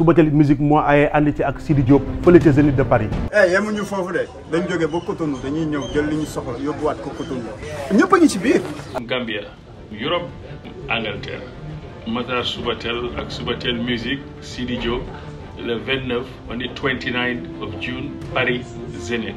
Subatel musique moo aye ànd ci ak Sidi Diop fële ca Zénith de Paris. eh yemuñu foofu de dañ jógee ba Cotonou dañuy ñëw jël li ñu soxla yóbbuwaat ko Cotonou ñëpp a ngi ci biir. Gambia Europe Angleterre Matar Subatel ak Subatel musique Sidi Diop le 29 on the 29 of June Paris Zénith.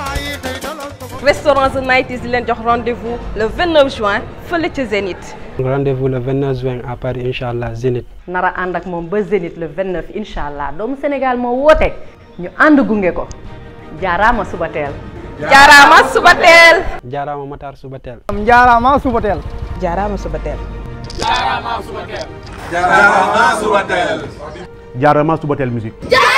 restaurant Night di rendez-vous le 29 juin fële Zénith. rendez-vous le 29 juin à Paris Inch'Allah Zénith. Nara Andak mon beau Zénith le 29 Inch'Allah. Dom Sénégal mon woote ñu ànd Jarama ko Jarama subatel. Jarama subatel. Matar subatel. Jarama subatel. subatel. subatel. subatel. subatel. subatel. subatel. subatel. subatel. musique.